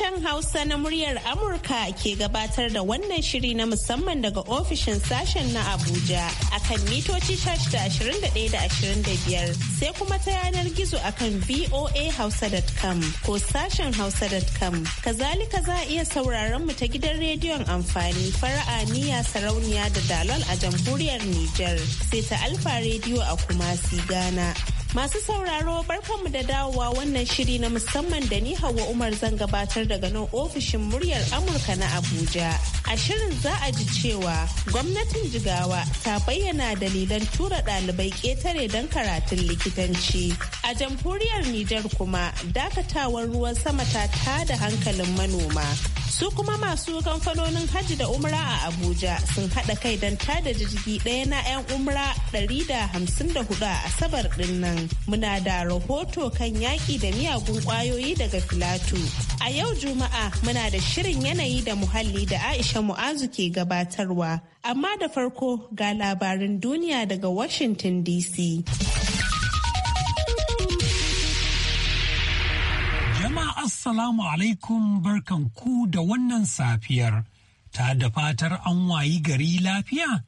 Sashen Hausa na muryar Amurka ke gabatar da wannan shiri na musamman daga ofishin sashen na Abuja akan mitoci da da biyar sai kuma ta yanar gizo akan voahausa.com ko sashen hausa.com. Kazalika za a iya sauraron mu ta gidan rediyon amfani fara'a niya sarauniya da dalol a jamhuriyar Nijar sai ta alfa rediyo a kumasi Ghana. Masu sauraro barkanmu da dawowa wannan shiri na musamman da ni Hauwa Umar zan gabatar daga nan ofishin muryar Amurka na Abuja. A shirin za a ji cewa gwamnatin Jigawa ta bayyana dalilan tura ɗalibai ƙetare don karatun likitanci. A jamhuriyar Nijar kuma dakatawar ruwan sama ta tada hankalin manoma. su kuma masu kamfanonin hajji da umra a abuja sun haɗa kai don tada jirgi ɗaya na 'yan umra 154 a asabar ɗin nan muna da rahoto kan yaƙi da miyagun ƙwayoyi daga Filatu. a yau juma'a muna da shirin yanayi da muhalli da aisha mu'azu ke gabatarwa amma da farko ga labarin duniya daga washington dc Assalamu alaikum barkan ku da wannan safiyar, ta da fatar an wayi gari lafiya,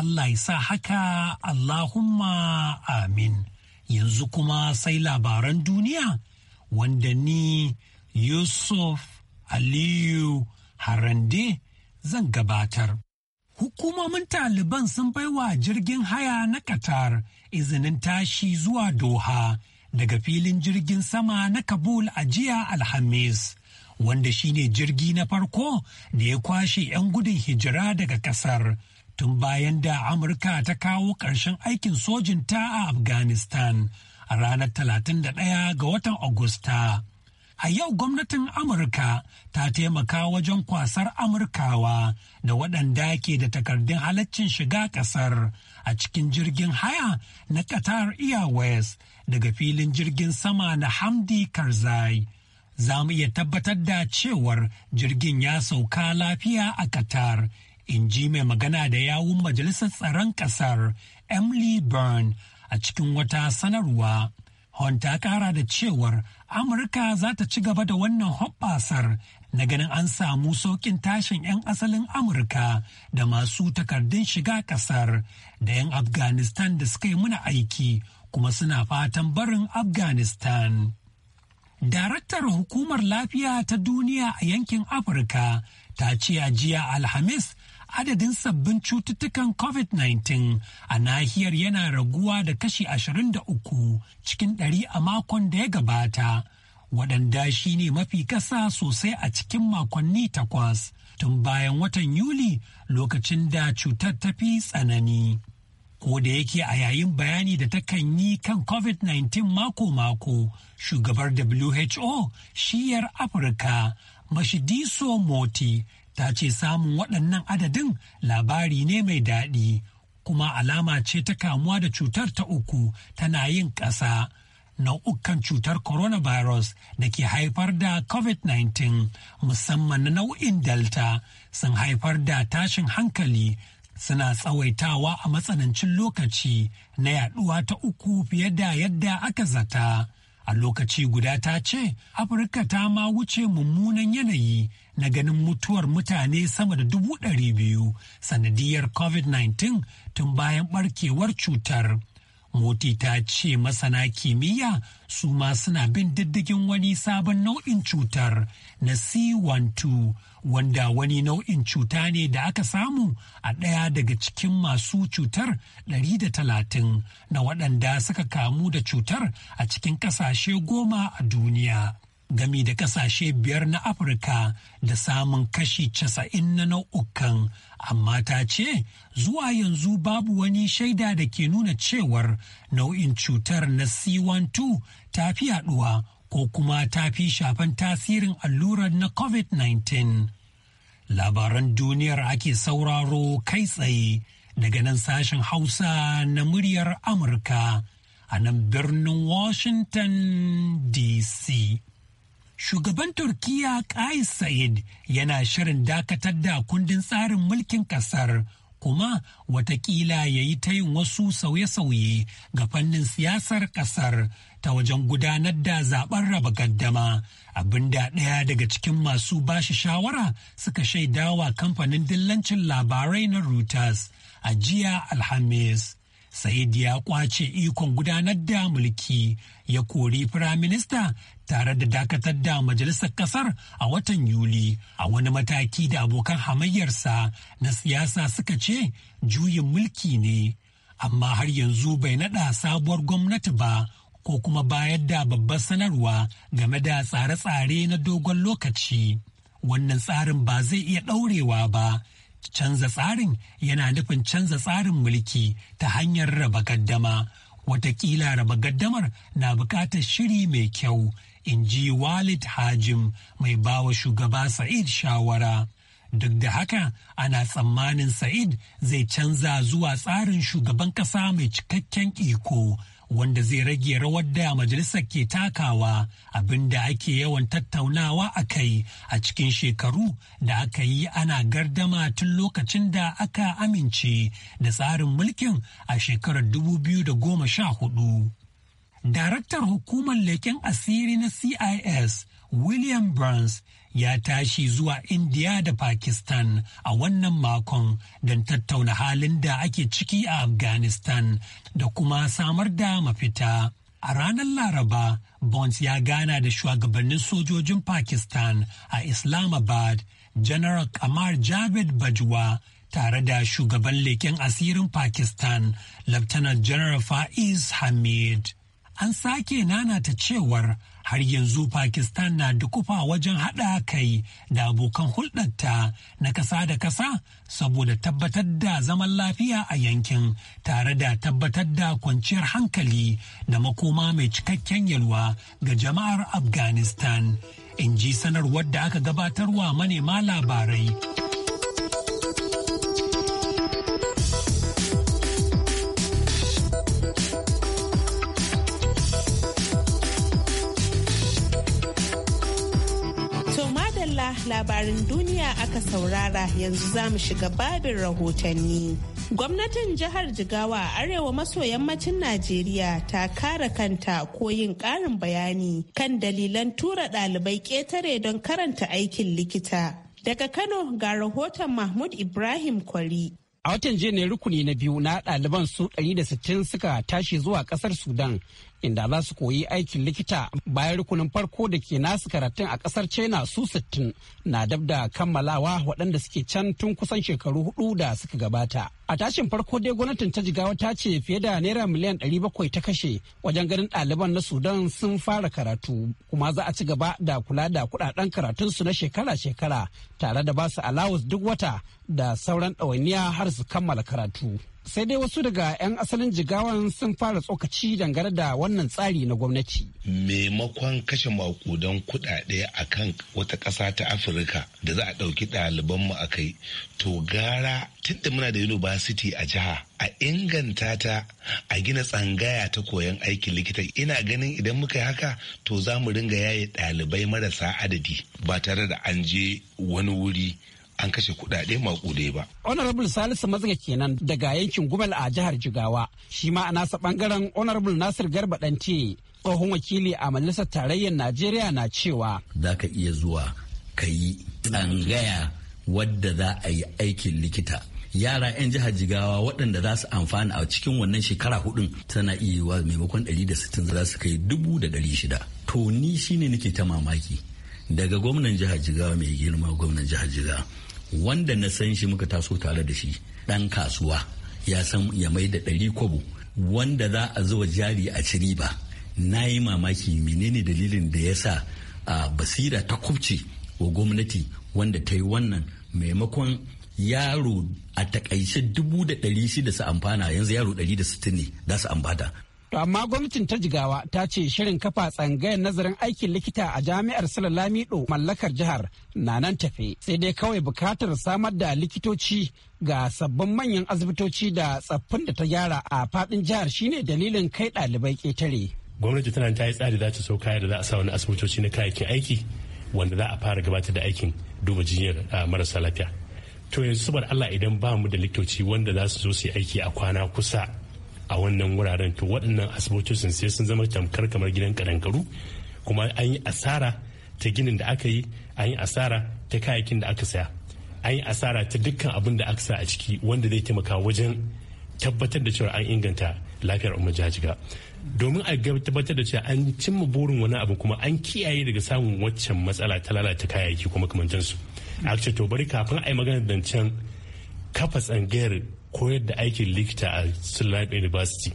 Allah ya sa haka Allahumma amin. Yanzu kuma sai labaran duniya wanda ni Yusuf Aliyu Harande zan gabatar. Hukumomin Taliban sun baiwa jirgin haya na Qatar izinin tashi zuwa Doha. daga filin jirgin sama na Kabul a jiya Alhamis. Wanda shine jirgi na farko da ya kwashe 'yan gudun hijira daga kasar tun bayan da Amurka ta kawo ƙarshen aikin sojinta a Afghanistan a ranar 31 ga watan Agusta. A yau gwamnatin Amurka ta taimaka wajen kwasar Amurkawa da waɗanda ke da takardun halaccin shiga ƙasar a cikin jirgin haya na Qatar Airways daga filin jirgin sama na Hamdi Karzai. Za mu iya tabbatar da cewar jirgin ya sauka lafiya a Qatar, in ji mai magana da yawun Majalisar Tsaron Ƙasar Emily Byrne a cikin wata sanarwa. Hon ta kara da cewar Amurka za ta ci gaba da wannan hoɓɓasar na ganin an samu sauƙin tashin 'yan asalin Amurka da masu takardun shiga ƙasar da 'yan Afghanistan da suka yi muna aiki kuma suna fatan barin Afghanistan. Daraktar Hukumar Lafiya ta Duniya a yankin Afirka ta ce a jiya Alhamis adadin sabbin cututtukan COVID-19 a nahiyar yana raguwa da kashi 23 cikin ɗari a makon da ya gabata, waɗanda shi ne mafi ƙasa sosai a cikin makonni takwas tun bayan watan Yuli lokacin da cutar ta fi tsanani. Ko da yake a yayin bayani da takan yi kan COVID-19 mako-mako, shugabar WHO shiyar Afirka, Mashidiso Moti ta ce samun waɗannan adadin labari ne mai daɗi kuma alama ce ta kamuwa da cutar ta uku tana yin ƙasa nau'ukan cutar coronavirus da ke haifar da covid-19 musamman na nau'in delta sun haifar da tashin hankali suna tsawaitawa a matsanancin lokaci na yaduwa ta uku fiye da yadda aka zata. A lokaci guda ta ce, Afirka ta ma wuce mummunan yanayi na ganin mutuwar mutane sama da dubu ɗari biyu sanadiyar covid-19 tun bayan ɓarkewar cutar. Moti ta ce masana kimiyya su ma suna bin diddigin wani sabon nau'in cutar na C12 wanda wani nau'in cuta ne da aka samu a ɗaya daga cikin masu cutar 130 na waɗanda suka kamu da cutar a cikin ƙasashe goma a duniya. gami da kasashe biyar na afirka da samun kashi casa'in na nau'ukan amma ta ce zuwa yanzu babu wani shaida da ke nuna cewar nau'in cutar na c12 ta fi yaduwa ko kuma ta fi shafan tasirin allurar na covid-19 labaran duniyar ake sauraro kai tsaye daga nan sashen hausa na muryar amurka a nan birnin washington dc shugaban turkiya kais sa'id yana shirin dakatar da kundin tsarin mulkin kasar kuma watakila ya yi ta yin wasu sauye-sauye ga fannin siyasar kasar ta wajen gudanar da zaben raba gaddama abinda ɗaya daga cikin masu bashi shawara suka shaidawa kamfanin dillancin labarai na reuters a jiya alhamis Sa'id ya kwace ikon gudanar da mulki ya kori firaminista tare da dakatar da majalisar kasar a watan Yuli a wani mataki da abokan hamayyarsa na siyasa suka ce juyin mulki ne. Amma har yanzu bai naɗa sabuwar gwamnati ba ko kuma bayar da babbar sanarwa game da tsare-tsare na dogon lokaci. Wannan tsarin ba zai iya ɗaurewa ba Canza tsarin yana nufin canza tsarin mulki ta hanyar raba gaddama. Watakila raba gaddamar na bukatar shiri mai kyau, in ji Walid Hajim mai bawa shugaba Sa'id shawara. Duk da haka ana tsammanin Sa'id zai canza zuwa tsarin shugaban ƙasa mai cikakken iko wanda zai rage rawar da majalisar ke takawa abinda ake yawan tattaunawa a kai a cikin shekaru da aka yi ana gardama tun lokacin da aka amince da tsarin mulkin a shekarar 2014. Daraktar hukumar leken asiri na CIS William Burns ya tashi zuwa India da Pakistan a wannan makon don tattauna halin da ake ciki a Afghanistan da kuma samar da mafita. A ranar Laraba, Bonds ya gana da shugabannin sojojin Pakistan a Islamabad, General Kamar Javed Bajwa tare da shugaban leken asirin Pakistan, Lieutenant General Faiz Hamid. An sake nanata cewar har yanzu pakistan na dukufa wajen haɗa kai da abokan hulɗarta na ƙasa da ƙasa saboda tabbatar da zaman lafiya a yankin tare da tabbatar da kwanciyar hankali da makoma mai cikakken yalwa ga jama'ar afghanistan in ji sanarwar da aka gabatarwa manema labarai labarin duniya aka saurara yanzu za mu shiga babin rahotanni. Gwamnatin jihar Jigawa a arewa maso yammacin Najeriya ta kare kanta ko yin ƙarin bayani kan dalilan tura ɗalibai ƙetare don karanta aikin likita. Daga Kano ga rahoton Mahmud Ibrahim Kwari. A watan jiya ne rukuni na biyu na ɗaliban su 160 suka tashi zuwa ƙasar Sudan inda za su koyi aikin likita bayan rukunin farko da ke nasu karatun a kasar china su 60 na dab da kammalawa waɗanda suke can tun kusan shekaru hudu da suka gabata a tashin farko dai gwamnatin ta jigawa ta ce fiye da naira miliyan 700 ta kashe wajen ganin ɗaliban na sudan sun fara karatu kuma za a ci gaba da kula da karatun su na shekara-shekara tare da ba su alawus duk wata da sauran ɗawainiya har su kammala karatu sai dai wasu daga 'yan asalin jigawan sun fara tsokaci dangane da wannan tsari na gwamnati. maimakon kashe makudan kudade a kan wata ƙasa ta afirka da za a ɗauki ɗalibanmu a kai to gara tunda muna da university a jiha a inganta ta a gina tsangaya ta koyon aikin likita ina ganin idan muka yi haka to za mu ringa yaye ɗalibai marasa adadi ba tare da an je wani wuri an kashe kuɗaɗe maƙudai ba. Honorable Salisu Mazga kenan daga yankin Gumal a jihar Jigawa. Shi ma a nasa ɓangaren Honorable Nasir Garba Ɗante tsohon wakili a majalisar tarayyar Najeriya na cewa. Za ka iya zuwa ka yi tsangaya wadda za a yi aikin likita. yara 'yan jihar jigawa waɗanda za su amfana a cikin wannan shekara hudun tana iya yiwa maimakon 160 za su kai 600 to ni shine nake ta mamaki daga gwamnan jihar jigawa mai girma gwamnan jihar jigawa wanda na san shi muka taso tare da shi Dan kasuwa ya san ya mai da ɗari kwabo wanda za a zuwa jari a ciri ba. na yi mamaki menene dalilin da ya sa a basira ta kubce wa gwamnati wanda ta yi wannan maimakon yaro a takaice dubu da ɗari shida su amfana yanzu yaro ɗari da sittin ne za su ambata To amma gwamnatin ta jigawa ta ce shirin kafa tsangayar nazarin aikin likita a jami'ar Salalamido mallakar jihar na nan tafe. Sai dai kawai bukatar samar da likitoci ga sabbin manyan asibitoci da tsaffin da ta gyara a fadin jihar shine dalilin kai ɗalibai ketare Gwamnati tana ta yi tsari za ta so kaya da za a sa wani asibitoci na kayayyakin aiki wanda za a fara gabatar da aikin duba jinyar marasa lafiya. To yanzu saboda Allah idan ba mu da likitoci wanda za su zo su yi aiki a kwana kusa a wannan wuraren to waɗannan asibitocin sai sun zama tamkar kamar gidan karankaru kuma an yi asara ta ginin da aka yi an yi asara ta kayayyakin da aka saya an yi asara ta dukkan abin da aka sa a ciki wanda zai taimaka wajen tabbatar da cewa an inganta lafiyar umar jajiga domin a tabbatar da cewa an cimma burin wani abu kuma an kiyaye daga samun waccan matsala ta lalata kayayyaki kuma kamantansu a to bari kafin a yi magana zancen kafa tsangayar koyar da aikin likita a Sulaiman University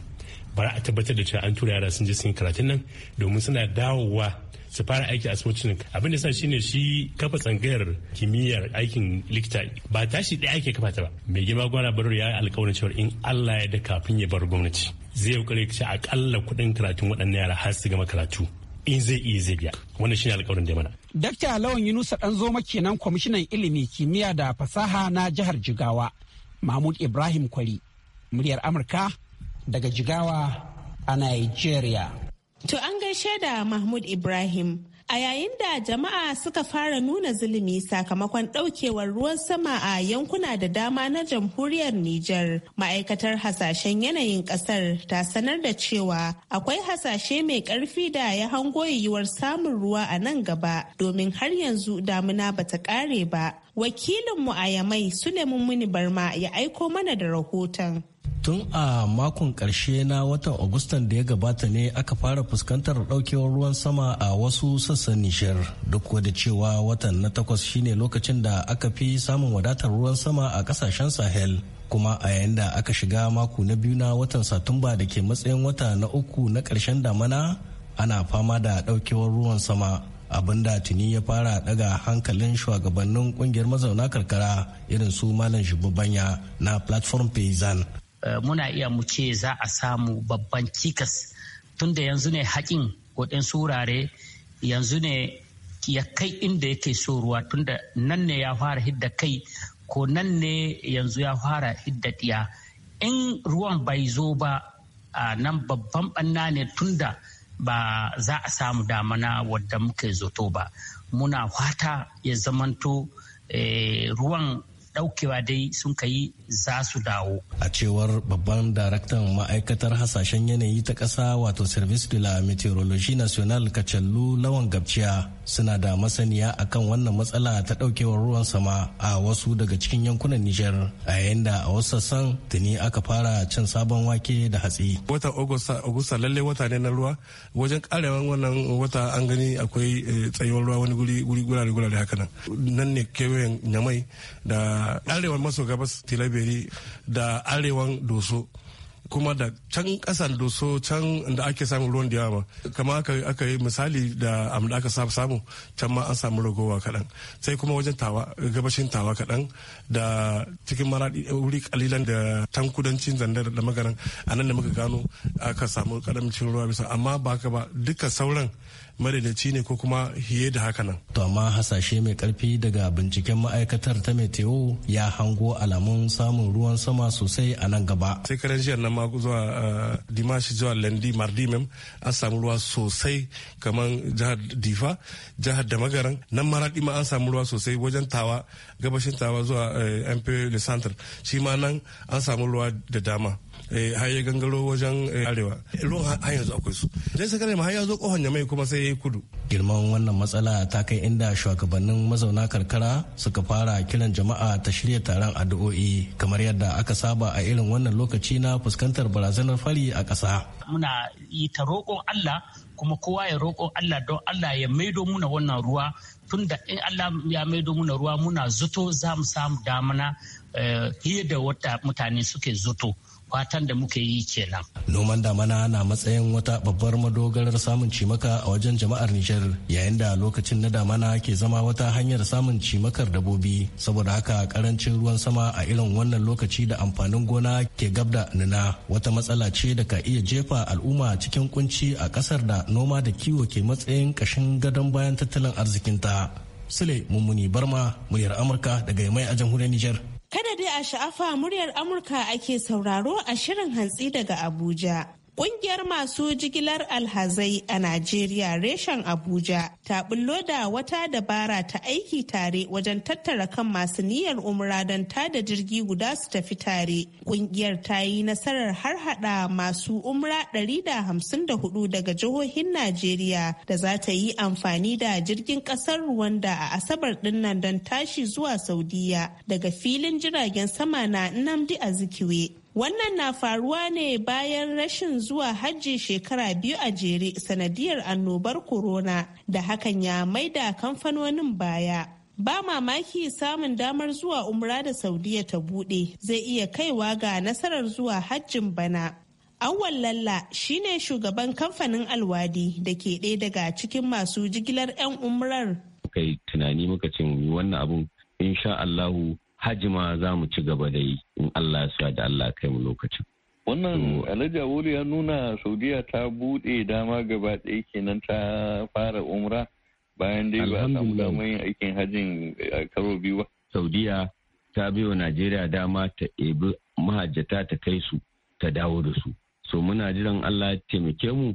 ba a tabbatar da cewa an tura yara sun je sun karatun nan domin suna dawowa su fara aiki a asibitocin abin da sa shine shi kafa tsangayar kimiyyar aikin likita ba tashi ɗaya ake kafa ta ba mai girma gwara barar ya alkawarin cewa in Allah ya da kafin ya bar gwamnati zai kokare a akalla kuɗin karatun waɗannan yara har su gama karatu in zai iya zai biya wannan shine alkawarin da mana Dakta Lawan Yunusa zomo kenan kwamishinan ilimi kimiyya da fasaha na jihar Jigawa mahmud ibrahim kwari muryar amurka daga jigawa a nigeria to an gaishe da mahmud ibrahim a yayin da jama'a suka fara nuna zulumi sakamakon daukewar ruwan sama a yankuna da dama na jamhuriyar Nijar. Ma'aikatar hasashen yanayin kasar ta sanar da cewa akwai hasashe mai karfi da ya hango yiwuwar samun ruwa a nan gaba domin har yanzu damuna bata kare ba. wakilinmu a yamai suleiman muni barma ya aiko mana da rahoton tun a makon karshe na watan agustan da ya gabata ne aka fara fuskantar daukewar ruwan sama a wasu sassan nishir duk da cewa watan na takwas shine lokacin da aka fi samun wadatar ruwan sama a kasashen sahel kuma a yayin da aka shiga mako na biyu na watan satumba da ke matsayin wata na uku na karshen damana ana fama da daukewar ruwan sama abinda tuni ya fara daga hankalin shugabannin kungiyar mazauna karkara irin su malam shugabanya na platform paysan eh, muna iya mu ce za a samu babban cikas tunda yanzu ne haƙin kudin surare yanzu ne ya kai inda yake so ruwa tunda nan ne ya fara hidda kai ko nan ne yanzu ya fara hidda ɗiya in ruwan bai zo ba a nan babban ɓanna ne tunda ba za a samu damana wadda muke zoto ba muna fata ya zamanto e, ruwan daukewa dai sun yi za su dawo. A cewar babban daraktan ma'aikatar hasashen yanayi ta ƙasa wato Service de la Meteorologie National Kacallu Lawan Gabciya suna da masaniya akan wannan matsala ta daukewar ruwan sama a wasu daga cikin yankunan Nijar a yayin da a wasu sassan tuni aka fara cin sabon wake da hatsi. wata Agusta lalle wata ne na ruwa wajen karewan wannan wata an gani akwai eh, tsayuwar ruwa wani guri guri gurare gurare haka nan. Nan ne kewayen Nyamai da arewan maso gabas Tilaberi da arewan Doso. kuma da can kasan doso can da ake samun ruwan da yawa kama aka yi misali da amda aka samu can ma an samu ragowa kaɗan sai kuma wajen tawa gabashin tawa kaɗan da cikin mara wuri kalilan da can kudancin zanda da magaran a nan da muka gano aka samu karamcin ruwa bisa amma ba ka ba duka sauran madadaci ne ko kuma hiye da haka nan. To amma hasashe mai karfi daga binciken ma'aikatar ta meteo ya hango alamun samun ruwan sama sosai a nan gaba. Sai karen jiyar nan ma zuwa eh, Dimashi zuwa Lendi Mardimem an samu ruwa sosai kamar jihar Difa, jihar Damagaran, nan Maradi ma an samu ruwa sosai wajen Tawa, gabashin Tawa zuwa eh, MP Le Centre, shi ma nan an samu ruwa da dama. Eh, har ya gangaro wajen eh, arewa ruwan har yanzu akwai su dan sakare ma har ya zo kohon mai kuma sai ya kudu girman wannan matsala ta kai inda shugabannin mazauna karkara suka fara kiran jama'a ta shirya taron addu'o'i kamar yadda aka saba a irin wannan lokaci na fuskantar barazanar fari a ƙasa muna yi ta roƙon Allah kuma kowa ya roƙo Allah don Allah ya maido muna wannan ruwa tun da in Allah ya maido muna ruwa muna zuto za mu samu damana eh, fiye da wata mutane suke zuto. fatan da muke yi kenan. Noman damana na matsayin wata babbar madogarar samun cimaka a wajen jama'ar Nijar yayin da lokacin na damana ke zama wata hanyar samun cimakar dabobi saboda haka karancin ruwan sama a irin wannan lokaci da amfanin gona ke gabda da nuna wata matsala ce da ka iya jefa al'umma cikin kunci a kasar da noma da kiwo ke matsayin kashin gadon bayan tattalin arzikinta. Sule Mummuni Barma, muryar Amurka daga Yamai a jamhuriyar Nijar. Kada dai a sha'afa muryar Amurka ake sauraro a shirin hantsi daga Abuja. Ƙungiyar masu jigilar alhazai a Najeriya reshen Abuja ta bullo da wata dabara ta aiki tare wajen tattara kan masu niyyar umra don tada jirgi guda su tafi tare. Ƙungiyar ta yi nasarar har hada masu umra 154 daga jihohin Najeriya da za ta yi amfani da jirgin kasar Rwanda a Asabar dinnan don tashi zuwa Saudiya daga filin jiragen sama na Nnamdi Azikiwe. Wannan na faruwa ne bayan rashin zuwa hajji shekara biyu a jere sanadiyar annobar corona da hakan ya maida kamfanonin baya. Ba mamaki samun damar zuwa umra da Saudiya ta bude zai iya kaiwa ga nasarar zuwa hajjin bana. Awal Lalla shi ne shugaban kamfanin alwadi da ke ɗaya daga cikin masu jigilar 'yan umrar. Kai tunani muka ce wannan abun insha Allahu hajima za mu ci gaba da yi in Allah ya da Allah kai mu lokacin. Wannan Alhaji Awolu ya nuna Saudiya ta buɗe dama gaba ɗaya kenan ta fara umra bayan dai ba a samu yin aikin a eh, karo biyu ba. Saudiya ta wa Najeriya dama ta ebi mahajjata ta kai su ta dawo da su. So muna jiran Allah ya taimake mu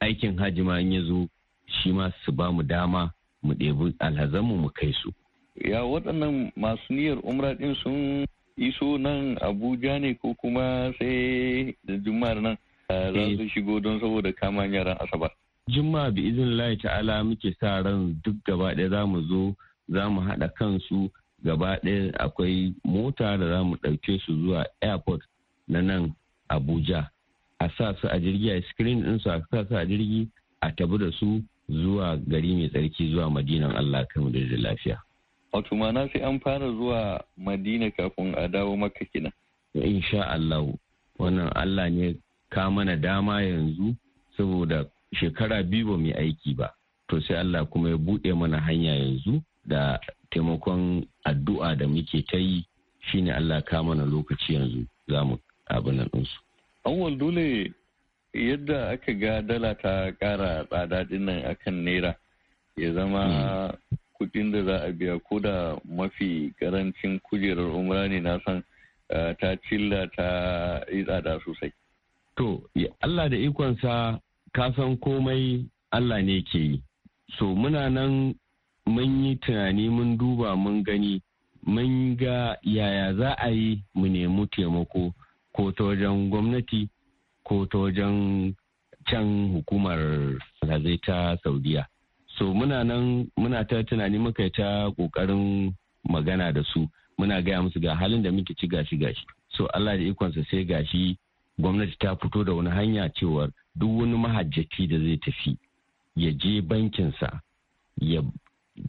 aikin hajima in ya zo shi ma su ba mu dama mu ɗebi alhazanmu mu kai su. ya waɗannan masu niyyar umra ɗin sun iso nan abuja ne ko kuma sai da juma'ar nan za eh. su shigo don saboda kama yaran asabar juma'a bi izin lai ta'ala muke sa ran duk gaba ɗaya za mu zo za mu haɗa kansu gaba ɗaya akwai mota da za mu ɗauke su zuwa airport na nan abuja a sa su a jirgi a screen su a sa su a jirgi a tabi da su zuwa gari mai tsarki zuwa madinan allah kan da lafiya Wato na sai an fara zuwa Madina kafin a dawo maka kina. Insha Allah wannan Allah ne ka mana dama yanzu saboda shekara biyu ba mu aiki ba. To sai Allah kuma ya buɗe mana hanya yanzu da taimakon addu'a da muke ta yi shine Allah ka mana lokaci yanzu za mu abin nan Awwal dole yadda aka ga dala ta ƙara tsada dinnan akan naira ya zama hmm. kuɗin da za a biya ko da mafi karancin kujerar umra ne na san eh, ta cilla ta yi tsada sosai. To, Allah da ikonsa ka san komai Allah ne ke yi. So muna nan mun yi tunani mun duba mun gani mun ga yaya za a yi mu nemi taimako ko ta wajen gwamnati ko ta wajen can hukumar zai ta Saudiya. so muna nan muna ta tunani muka ta kokarin magana da su muna gaya musu ga halin da muke ci gashi gashi so Allah da ikonsa sai gashi gwamnati ta fito da wani hanya cewar duk wani mahajjaci da zai tafi ya je bankinsa ya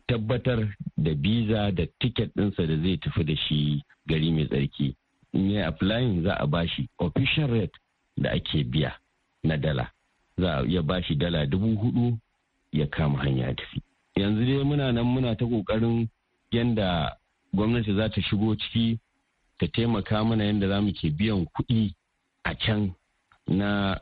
tabbatar da biza da ticket ɗinsa da zai tafi da shi gari mai tsarki in ya applying za a bashi official rate da ake biya na dala za a iya bashi dala dubu hudu ya kama hanya tafi yanzu dai muna nan muna ta kokarin yadda gwamnati za ta shigo ciki ta taimaka mana yadda za mu ke biyan kuɗi a can na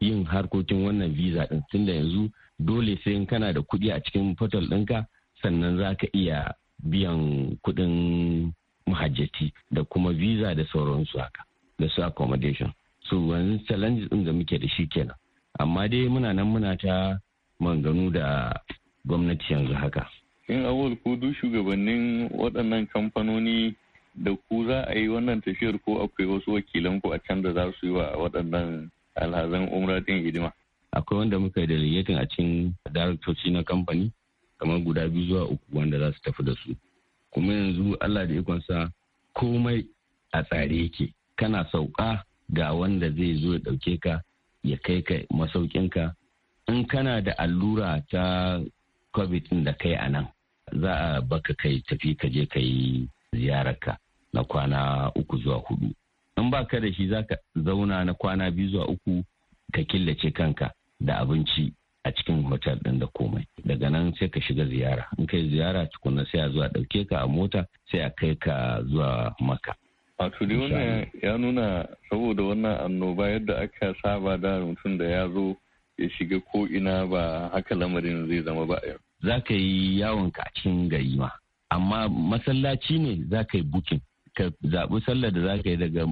yin harkokin wannan visa ɗin tunda yanzu dole sai in kana da kuɗi a cikin fatal ɗinka sannan za ka iya biyan kuɗin mahajjati da kuma visa da sauransu haka da su accommodation so yanzu challenge ɗin da muke da shi kenan amma dai muna nan muna ta manganu da gwamnati yanzu haka. In awol ko duk shugabannin waɗannan kamfanoni da ku za a yi wannan tafiyar ko akwai wasu wakilan ku a can da za su yi wa waɗannan alhazan umra ɗin hidima. Akwai wanda muka yi da a cikin daraktoci na kamfani kamar guda biyu zuwa uku wanda za su tafi da su. Kuma yanzu Allah da ikon sa komai a tsare yake. Kana sauka ga wanda zai zo ya ɗauke ka ya kai ka masaukinka in kana da allura ta covid da kai a nan za a baka kai tafi ka je ka yi ziyararka na kwana uku zuwa hudu in ba ka da shi za ka zauna na kwana biyu zuwa uku ka killace kanka da abinci a cikin hotel din da komai daga nan sai ka shiga ziyara in kai ziyara tukuna sai a zuwa ɗauke ka a mota sai a kai ka zuwa maka wato dai wannan ya nuna saboda wannan annoba yadda aka saba da mutum da ya zo ya shiga ko ina ba haka lamarin zai zama ba yau. Za ka yi yawon ka cikin gari ma, amma masallaci ne za ka yi bukin. Ka zaɓi sallar da za ka yi daga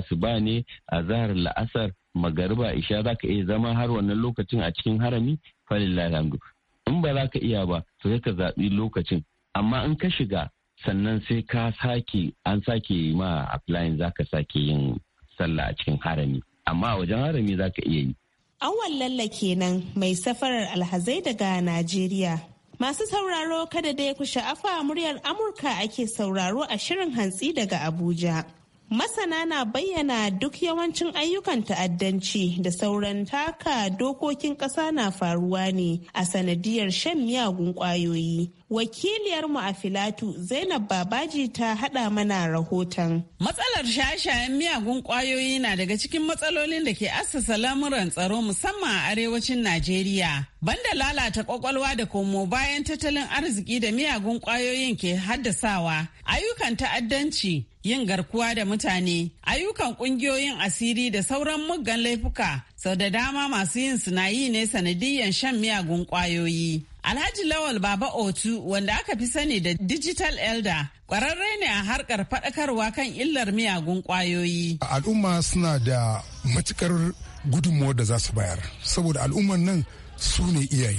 asuba ne a zahar la'asar magariba isha za ka iya zama har wannan lokacin a cikin harami falillah alhamdu. In ba za ka iya ba, to sai ka zaɓi lokacin. Amma in ka shiga sannan sai ka sake an sake ma applying za ka sake yin sallah a cikin harami. Amma wajen harami za ka iya yi. Awal lallake kenan mai safarar alhazai daga Najeriya. Masu sauraro kada dai ku sha'afa muryar Amurka ake sauraro a shirin hantsi daga Abuja. Masana na bayyana duk yawancin ayyukan ta'addanci da sauran taka dokokin ƙasa na faruwa ne a sanadiyar shan miyagun ƙwayoyi wakiliyarmu a filatu zainab babaji ta haɗa mana rahoton matsalar shaye-shayen miyagun ƙwayoyi na daga cikin matsalolin da ke assasa lamuran tsaro musamman a arewacin najeriya banda lalata ƙwaƙwalwa da komo bayan tattalin arziki da miyagun kwayoyin ke haddasawa ayyukan ta'addanci yin garkuwa da mutane ayyukan ƙungiyoyin asiri da sauran muggan laifuka sau da dama masu yin sinayi ne sanadiyyan shan miyagun ƙwayoyi. Alhaji Lawal Baba Otu wanda aka fi sani da Digital Elder kwararre ne a harkar faɗakarwa kan illar miyagun ƙwayoyi. Al'umma suna da matukar gudunmuwar da za su bayar saboda al'umman nan su ne iyaye.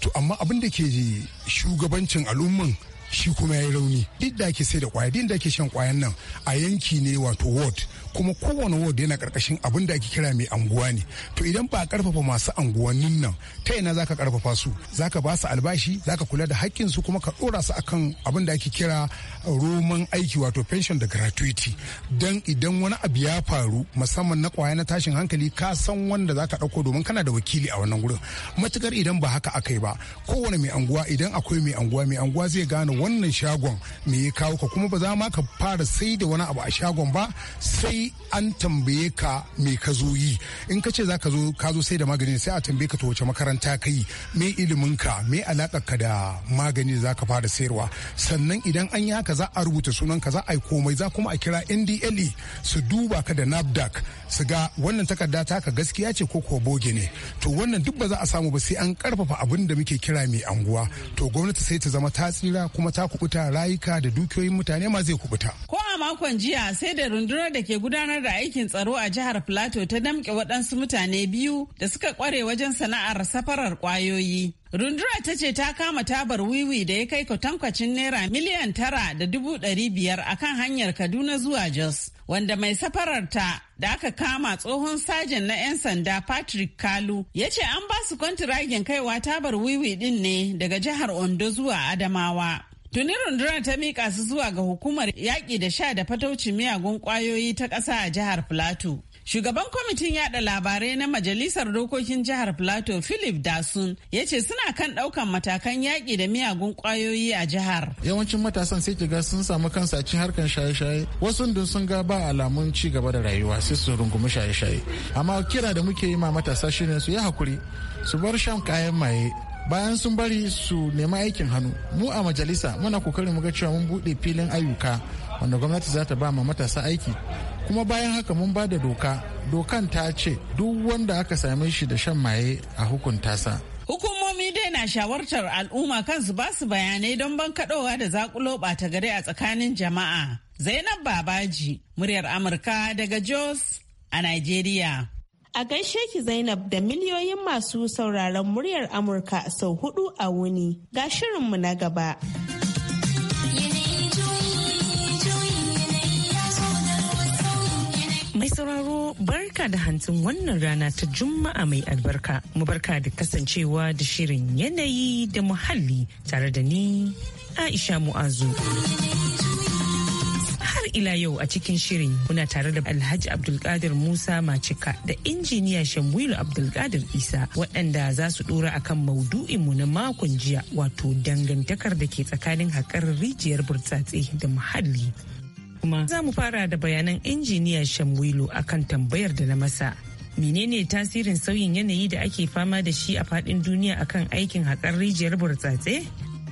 To amma abin da ke shugabancin al'umman shi kuma ya yi rauni. Duk da ake sai da ƙwaya, duk da ake shan ƙwayan nan a yanki ne wato ward kuma kowane ward yana karkashin abin da ake kira mai anguwa ne to idan ba a karfafa masu anguwannin nan ta ina zaka karfafa su zaka ba su albashi zaka kula da hakkin su kuma ka dora su akan abin da ake kira roman aiki wato pension da gratuity dan idan wani abu ya faru musamman na kwaya na tashin hankali ka san wanda zaka dauko domin kana da wakili a wannan gurin matukar idan ba haka akai ba kowane mai anguwa idan akwai mai anguwa mai anguwa zai gane wannan shagon me ya kawo ka kuma ba za ma ka fara sai da wani abu a shagon ba sai an tambaye ka me ka zo yi in ka ce za ka zo ka zo sai da magani sai a tambaye ka to wace makaranta ka yi me ilimin ka me alakar ka da magani za ka fara sayarwa sannan idan an yi haka za a rubuta sunan ka za a yi komai za kuma a kira NDLE su duba ka da NAFDAC su ga wannan takarda ta ka gaskiya ce ko ko boge ne to wannan duk ba za a samu ba sai an karfafa abin da muke kira mai anguwa to gwamnati sai ta zama ta tsira kuma ta kubuta rayuka da dukiyoyin mutane ma zai kubuta ko a makon jiya sai da rundunar da ke gudanar gudanar da aikin tsaro a jihar Plateau ta damƙe waɗansu mutane biyu da suka ƙware wajen sana'ar safarar ƙwayoyi. Rundura ta ce ta kama tabar wiwi da ya kai kwatankwacin naira miliyan tara da dubu ɗari biyar a kan hanyar Kaduna zuwa Jos, wanda mai safarar ta da aka kama tsohon sajin na 'yan sanda Patrick Kalu ya ce an ba su kwantiragin kaiwa tabar wiwi ɗin ne daga jihar Ondo zuwa Adamawa. Tuni rundunar ta mika su zuwa ga hukumar yaƙi da sha da fataucin miyagun ƙwayoyi ta ƙasa a jihar Filato. Shugaban kwamitin yada labarai na Majalisar Dokokin Jihar Filato Philip Dasun ya ce suna kan ɗaukan matakan yaƙi da miyagun ƙwayoyi a jihar. Yawancin matasan sai ga sun samu kansa cin harkan shaye-shaye wasu dun sun ga ba alamun ci gaba da rayuwa sai su rungumi shaye-shaye. Amma kira da muke yi ma matasa shine su yi hakuri su bar shan kayan maye bayan sun bari su nemi aikin hannu mu a majalisa muna kokarin muga cewa mun bude filin ayyuka wanda gwamnati za ta ba ma matasa aiki kuma bayan haka mun ba da doka dokan ta ce duk wanda aka same shi da shan maye a hukunta sa hukumomi dai na shawartar al'umma kansu ba su bayanai don ban bankaɗowa da zakulo ta gare a tsakanin jama'a zainab babaji muryar amurka daga jos a nigeria A gaishe ki Zainab da miliyoyin masu sauraron muryar Amurka sau hudu a wuni. Ga shirinmu na gaba. Mai sauraro barka da hantun wannan rana ta Juma'a mai albarka. Mu barka da kasancewa da shirin yanayi da muhalli tare da ni Aisha Mu'azu. ila yau a cikin shirin muna tare da Alhaji Abdulkadir Musa Macika da injiniya Shamwilu Abdulkadir Isa waɗanda za su ɗora a kan mu na makon jiya wato dangantakar da ke tsakanin haƙar rijiyar burtsatse da muhalli. Kuma za mu fara da bayanan injiniya Shamwilu akan tambayar da na masa menene tasirin sauyin yanayi da ake fama da shi a faɗin duniya akan aikin haƙar rijiyar burtsatse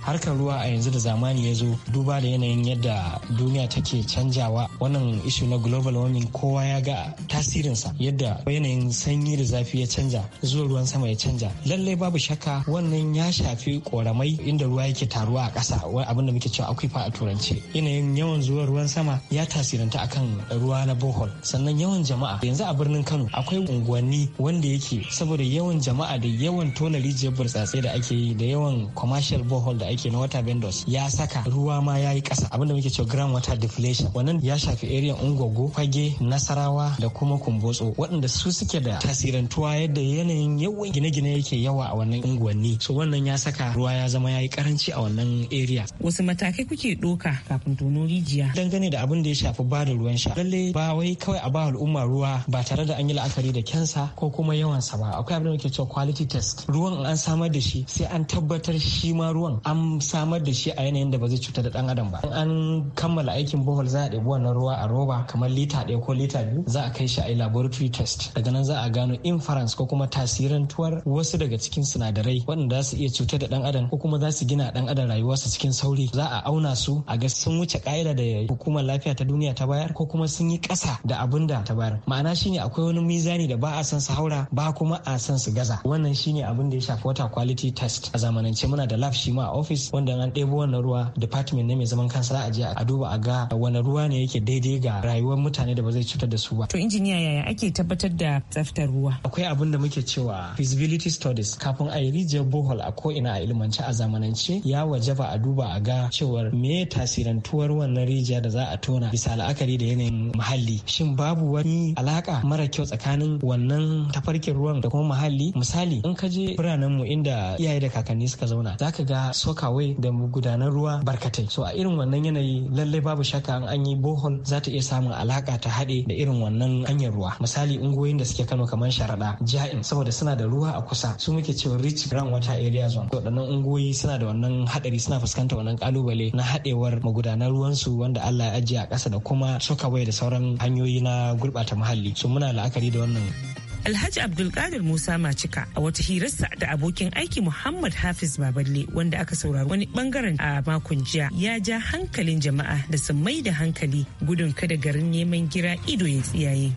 harkar ruwa a yanzu da zamani ya zo duba da yanayin yadda duniya take canjawa wannan ishu na global warming kowa ya ga tasirinsa yadda yanayin sanyi da zafi ya canja zuwa ruwan sama ya canja lallai babu shakka wannan ya shafi koramai inda ruwa yake taruwa a ƙasa abin da muke cewa fa a turance yanayin yawan zuwan ruwan sama ya tasiranta akan ruwa na bohol sannan yawan jama'a yanzu a birnin kano akwai unguwanni wanda yake saboda yawan jama'a da yawan tona rijiyar burtsatse da ake yi da yawan commercial bohol da aiki na water vendors ya saka ruwa ma ya yi ƙasa abinda muke cewa ground water deflation wannan ya shafi area ungogo fage nasarawa da kuma kumbotso waɗanda su suke da tasirantuwa yadda yanayin yawan gine-gine yake yawa a wannan unguwanni so wannan ya saka ruwa ya zama ya yi karanci a wannan area wasu matakai kuke doka kafin tono rijiya dangane da abin da ya shafi ba da ruwan sha lalle ba wai kawai a ba al'umma ruwa ba tare da an yi la'akari da kyansa ko kuma yawansa ba akwai abin da muke cewa quality test ruwan an samar da shi sai an tabbatar shi ma ruwan an an samar da shi a yanayin da ba zai cutar da dan adam ba an kammala aikin bohol za a ɗebi wannan ruwa a roba kamar lita ɗaya ko lita biyu za a kai shi a yi laboratory test daga nan za a gano inference ko kuma tasirantuwar wasu daga cikin sinadarai waɗanda za su iya cutar da dan adam ko kuma za su gina dan adam rayuwarsa cikin sauri za a auna su a ga sun wuce ka'ida da hukumar lafiya ta duniya ta bayar ko kuma sun yi ƙasa da abin da ta bayar ma'ana shine akwai wani mizani da ba a san su haura ba kuma a san su gaza wannan shine abin da ya shafi wata quality test a zamanance muna da lab shi ma a office office wanda an ɗebo wannan ruwa department ne mai zaman kansa za a je a duba a ga wani ruwa ne yake daidai ga rayuwar mutane da ba zai cutar da su ba. To injiniya yaya ake tabbatar da tsaftar ruwa? Akwai abin da muke cewa feasibility studies kafin a yi rijiyar bohol a ko ina a ilimance a zamanance ya wajaba a duba a ga cewar me tasirantuwar wannan rijiya da za a tona bisa la'akari da yanayin muhalli. Shin babu wani alaka mara kyau tsakanin wannan tafarkin ruwan da kuma muhalli? Misali in ka je biranenmu inda iyaye da kakanni suka zauna za ka ga so kawai da gudanar ruwa barkatai so a irin wannan yanayi lallai babu shakka an an yi bohol za ta iya samun alaka ta haɗe da irin wannan hanyar ruwa misali ungoyin da suke kano kamar sharaɗa ja'in saboda suna da ruwa a kusa su muke cewa rich ground water area zone waɗannan ungoyi suna da wannan haɗari suna fuskantar wannan kalubale na haɗewar magudanar ruwansu wanda Allah ya ajiye a ƙasa da kuma sokawai da sauran hanyoyi na gurɓata muhalli so muna la'akari da wannan Alhaji Abdulkadir Musa Macika a wata hirarsa da abokin aiki Muhammad Hafiz Baballe wanda aka saurari wani bangaren a makon jiya ya ja hankalin jama'a da su mai da hankali gudun kada garin neman gira ido ya tsiyaye.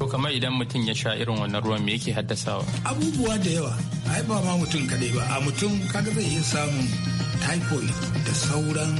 To kamar idan mutum ya sha irin wannan ruwan me yake haddasawa? Abubuwa da yawa, ai ba ma mutum kadai ba, a mutum kaga zai iya samun typhoid da sauran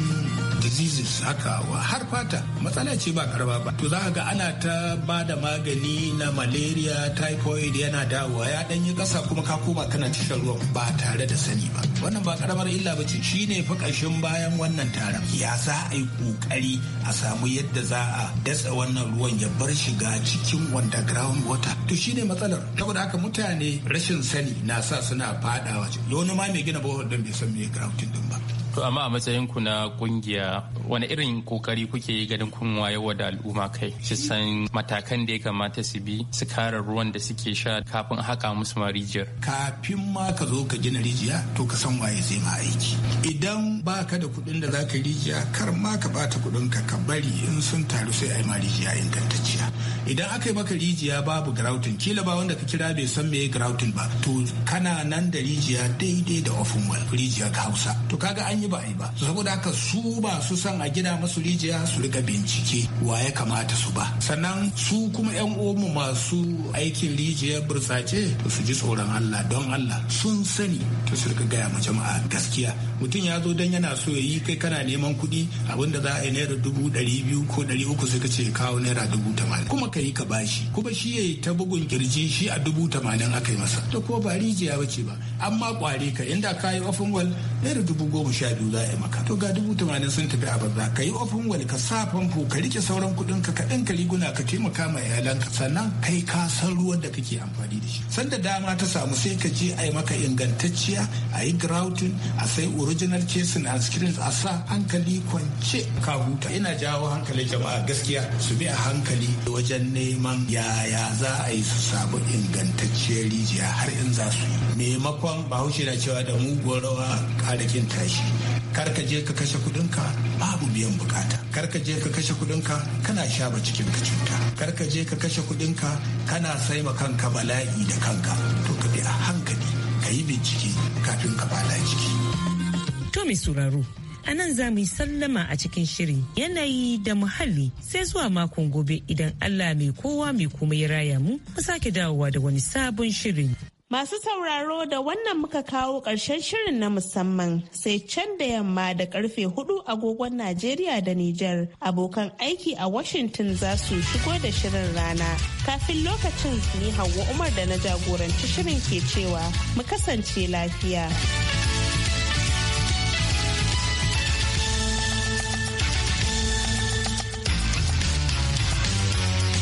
diseases haka har fata matsala ce ba karba ba to za a ga ana ta ba da magani na malaria typhoid yana dawowa ya dan yi kasa kuma ka koma kana cikin ruwan ba tare da sani ba wannan ba karamar illa ba ce shine fa ƙarshen bayan wannan taron ya sa a yi kokari a samu yadda za a datsa wannan ruwan ya bar shiga cikin underground water to shine matsalar saboda haka mutane rashin sani na sa suna fadawa wani ma mai gina bohol din bai san me ground din ba To amma a matsayin ku na kungiya wani irin kokari kuke yi ganin kun wa da al'umma kai su san matakan da ya kamata su bi su kare ruwan da suke sha kafin haka musu ma rijiyar. Kafin ma ka zo ka gina rijiya to ka san waye zai ma aiki. Idan baka da kuɗin da zaka rijiya kar ma ka bata kuɗin ka ka bari in sun taru sai a yi ma rijiya ingantacciya. Idan aka yi maka rijiya babu grouting kila ba wanda ka kira bai san me grouting ba to kana nan da rijiya daidai da ofin rijiya ka Hausa. To kaga an yi ba yi ba saboda haka su ba su san a gina masu rijiya su riga bincike wa ya kamata su ba sannan su kuma yan omu masu aikin rijiya burtsace su ji tsoron Allah don Allah sun sani to su riga gaya ma jama'a gaskiya mutum ya zo dan yana so ya yi kai kana neman kuɗi abinda za a yi naira dubu ɗari biyu ko ɗari uku sai ka ce kawo naira dubu tamanin kuma ka yi ka bashi kuma shi ya yi ta bugun kirji shi a dubu tamanin aka yi masa to ko ba rijiya bace ba amma kware ka inda ka yi ofin wal naira dubu goma sha yadu za a maka to ga dubu sun tafi a banza ka yi ofin wal ka sa famfo ka rike sauran kuɗin ka kaɗan ka riguna ka taimaka ma iyalanka sannan kai ka san ruwan da kake amfani da shi sanda dama ta samu sai ka je a yi maka ingantacciya a yi grouting a sai original casing and screens a sa hankali kwance ka huta ina jawo hankalin jama'a gaskiya su bi a hankali wajen neman yaya za a yi su samu ingantacciyar rijiya har in za su yi maimakon bahaushe na cewa da muguwar rawa kin tashi kar ka je ka kashe kudinka babu biyan bukata kar ka je ka kashe kudinka kana ba cikin ka cuta kar ka je ka kashe kudinka kana sai ma kanka bala'i da kanka to ka bi a hankali ka yi bincike kafin ka bala jiki. to mai sauraro a nan za mu yi sallama a cikin shirin yanayi da muhalli sai zuwa makon gobe idan Allah mai kowa mai kuma ya raya mu mu sake dawowa da wani sabon shirin Masu sauraro da wannan muka kawo ƙarshen shirin na musamman sai can da yamma da karfe hudu agogon Najeriya da Nijar abokan aiki a Washington za su shigo da shirin rana. Kafin lokacin ni Hauwa Umar da na jagoranci shirin ke cewa mu kasance lafiya.